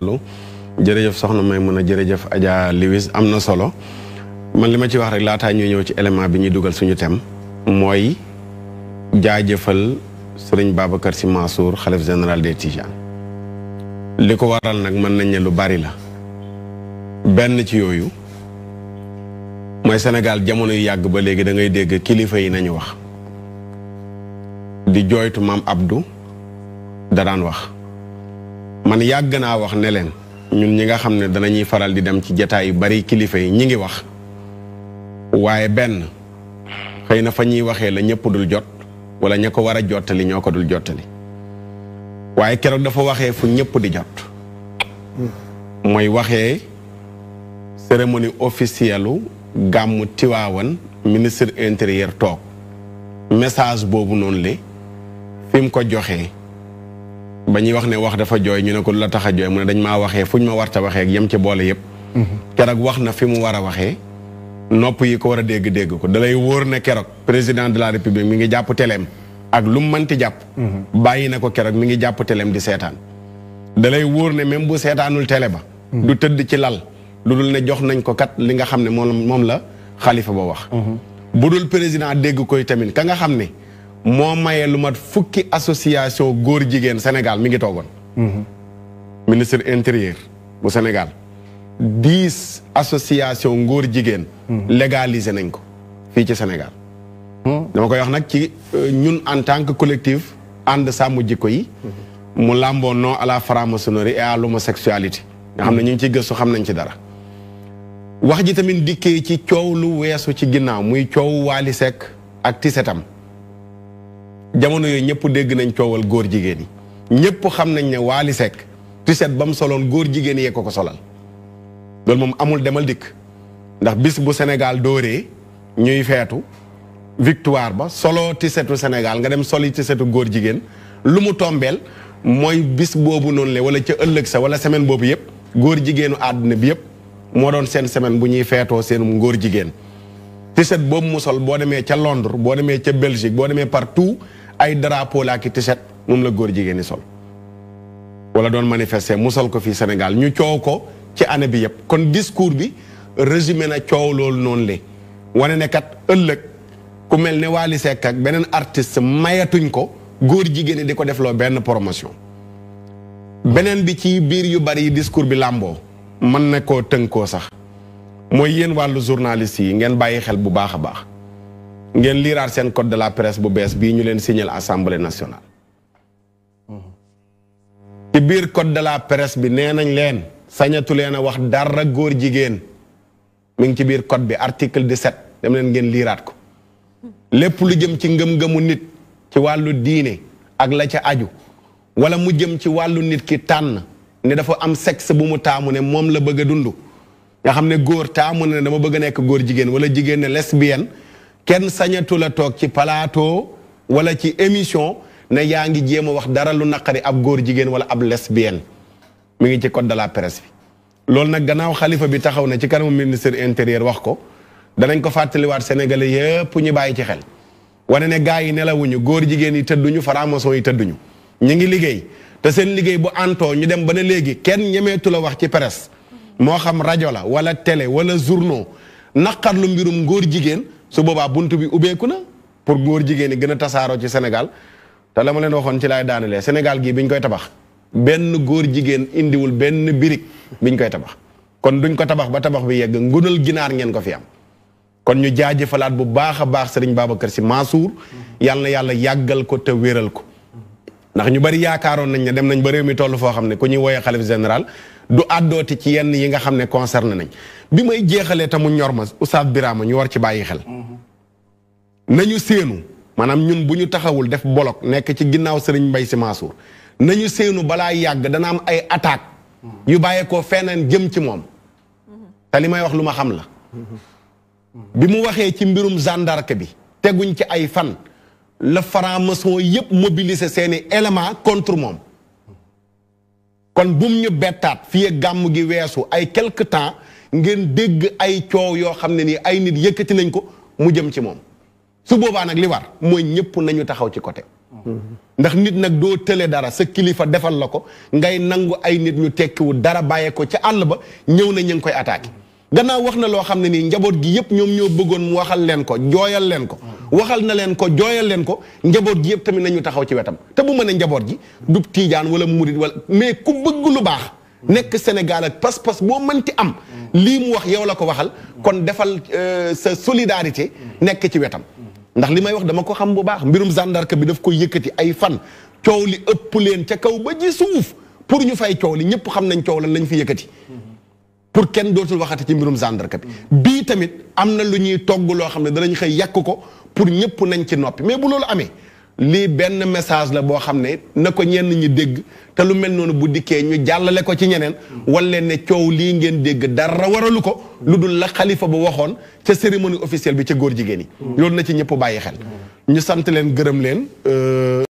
Lo soxna may mën a jërëjëf Adja Lewis am na solo man li ma ci wax rek laataa ñuy ñëw ci élément bi ñuy dugal suñu thème mooy jaajëfal sëriñ Babacar Sy Mansour xalif général des Tidianes li ko waral nag mën nañ ne lu bari la benn ci yooyu mooy Sénégal jamono yu yàgg ba léegi da ngay dégg kilifa yi nañu wax di jooytu maam Abdou da daan wax man yàgg naa wax ne leen ñun ñi nga xam ne danañuy faral di dem ci jataay yu bari kilifa yi ñi ngi wax waaye benn xëy na fa ñuy waxee la ñëpp dul jot wala ña ko war a jottali ñoo ko dul jottali waaye keroog dafa waxee fu ñëpp di jot mooy waxee cérémonie officielle gàmmu Tiwaawan ministre intérieur toog message boobu noonu li fim ko joxee ba ñuy wax ne wax dafa jooy ñu ne ko lu la tax a jooy mu ne dañ maa waxee fuñ ma warta waxee ak yem ci boole yëpp mm-hmm. keroog wax na fi mu war a waxee nopp yi ko war a dégg-dégg ko dalay wóor ne keroog président la république mi ngi jàpp teleem ak lu mu mënti jàpp mm-hmm. bàyyi na ko keroog mi ngi jàpp teleem di seetaan dalay wóor ne même bu seetaanul télé ba mm-hmm. du tëdd ci lal lu dul ne jox nañ ko kat li nga xam ne moom moom la xalifa ba wax bu dul président dégg koy tamit ka nga xam ne moo maye lu mat fukki association góor jigéen Sénégal mi ngi toogoon. Mhm. ministre intérieur bu Sénégal. dix association ngóor jigéen. Mhm. légalisé nañ ko fii ci Sénégal. Mhm. dama koy wax nag ci euh, ñun en tant que collectif ànd sàmm jikko yi. mu làmboon non à la franc-maçonnerie et à l'homosexualité nga xam na ñu ngi ciy gëstu xam nañ ci dara. wax ji tamit dikkee ci coow lu weesu ci ginnaaw muy coow Waly Seck ak Tisetam. jamono yooyu ñëpp dégg nañ coowal góor jigéen yi ñëpp xam nañ ne Waly ti tiset ba mu soloon góor jigéen yee ko ko solal loolu moom amul demal dikk ndax bis bu Sénégal dóoree ñuy feetu victoire ba solo tisetu Sénégal nga dem soli tisetu góor jigéen lu mu tombeel mooy bis boobu noonu le wala ca ëllëg sa wala semaine boobu yëpp góor jigéenu àdduna bi yëpp moo doon seen semaine bu ñuy feetoo seenum ngóor jigéen tiset boobu mu sol boo demee ca Londres boo demee ca Belgique boo demee partout ay drapeau laa ki moom la góor jigéen ñi sol wala doon manifester mu ko fii Sénégal ñu coow ko ci année bi yëpp kon discours bi résumé na coow loolu noonu le wane ne ëllëg ku mel ni Wally Seck beneen artiste mayatuñ ko góor jigéen ñi di ko defloo benn promotion beneen bi ci biir yu bari yi discours bi làmboo mën na koo tënkoo sax mooy yéen wàllu journaliste yi ngeen bàyyi xel bu baax a baax ngeen liiraat seen code de la presse bu bees bii ñu leen signal assemblée national ci biir code de la presse bi nee nañ leen sañatu leen a wax dara góor jigéen mu ngi ci biir code bi article 17 dem leen ngeen liiraat ko lépp lu jëm ci ngëm-ngëmu nit ci wàllu diine ak la ca aju wala mu jëm ci wàllu nit ki tànn ne dafa am sexe bu mu taamu ne moom la bëgg a dund nga xam ne góor taamu ne dama bëgg nekk góor jigéen wala jigéen ne lesbienne. kenn sañatu la toog ci palaato wala ci émission ne yaa ngi jéem a wax dara lu naqari ab góor jigéen wala ab lesbienne mi ngi ci code de la presse bi. loolu nag gannaaw xalifa bi taxaw na ci kanamu ministre intérieur wax ko danañ ko fàttaliwaat sénégalais yëpp ñu bàyyi ci xel wane ne gars yi nelawuñu góor jigéen yi tëdduñu franc-maçon yi tëdduñu ñu ngi liggéey te seen liggéey bu antoo ñu dem ba ne léegi kenn ñemeetu la wax ci presse moo xam rajo la wala télé wala journaux naqar lu mbirum góor jigéen. su boobaa bunt bi ubbeeku na pour góor jigéen ñi gën a tasaaroo ci Sénégal te la ma leen waxoon ci laay daanelee Sénégal gii biñ koy tabax benn góor jigéen indiwul benn birig biñ koy tabax kon duñ ko tabax ba tabax bi yegg ngunal ginaar ngeen ko fi am kon ñu jaajëfalaat bu baax a baax sëriñ Babacar Sy Mansour yàlla na yàlla yàggal ko te wéral ko ndax ñu bari yaakaaroon nañ ne dem nañ ba réew mi toll foo xam ne ku ñuy woowee xalif général du àddooti ci yenn yi nga xam ne concerné nañ bi may jeexalee ta mu ñor ma Oustaz Birama ñu war ci bàyyi xel. nañu séenu maanaam ñun bu ñu taxawul def bolok nekk ci ginnaaw Serigne Mbaye Sy Mansour nañu séenu balaa yàgg dana am ay attaque yu bàyyeekoo feneen jëm ci moom. te li may wax lu ma xam la. bi mu waxee ci mbirum gendarme bi teguñ ci ay fan la franc-maçon yëpp mobiliser seeni éléments contre moom. kon buum ñu bettaat fii ak gàmm gi weesu ay quelque temps ngeen dégg ay coow yoo xam ne nii ay nit yëkkati nañ ko mu jëm ci moom su boobaa nag li war mooy ñëpp nañu taxaw ci côté. ndax nit nag doo tële dara sa kilifa defal la ko ngay nangu ay nit ñu tekkiwu dara bàyyee ko ca àll ba ñëw na ñu ngi koy attaqué. gannaaw wax na loo xam ne nii njaboot gi yëpp ñoom ñoo bëggoon mu waxal leen ko jooyal leen ko. waxal na leen ko jooyal leen ko njaboot ji yëpp tamit nañu taxaw ci wetam te bu mën a njaboot ji du tiijaan wala murit wala mais ku bëgg lu baax nekk Sénégal ak pas-pas boo mënti am lii mu wax yow la ko waxal kon defal euh, sa solidarité nekk ci wetam ndax li may wax dama ko xam bu baax mbirum gendarme bi daf koy yëkkati ay fan coow li ëpp leen ca kaw ba ji suuf pour ñu fay coow li ñëpp xam nañ coow lan lañ fi yëkkati pour kenn dootul waxati ci mbirum gendarme bi mm. bii tamit am na lu ñuy togg loo xam ne danañ xëy yàq ko pour ñëpp nañ ci noppi mais bu loolu amee lii benn message la boo xam ne na ko ñenn ñi dégg te lu mel noonu bu dikkee ñu jàllale ko ci ñeneen mm. wala ne coow lii ngeen dégg dara waralu ko lu dul la xalifa bu waxoon ca cérémonie officielle bi ca góor jigéen yi mm. loolu na ci ñëpp bàyyi xel ñu sant leen gërëm leen euh,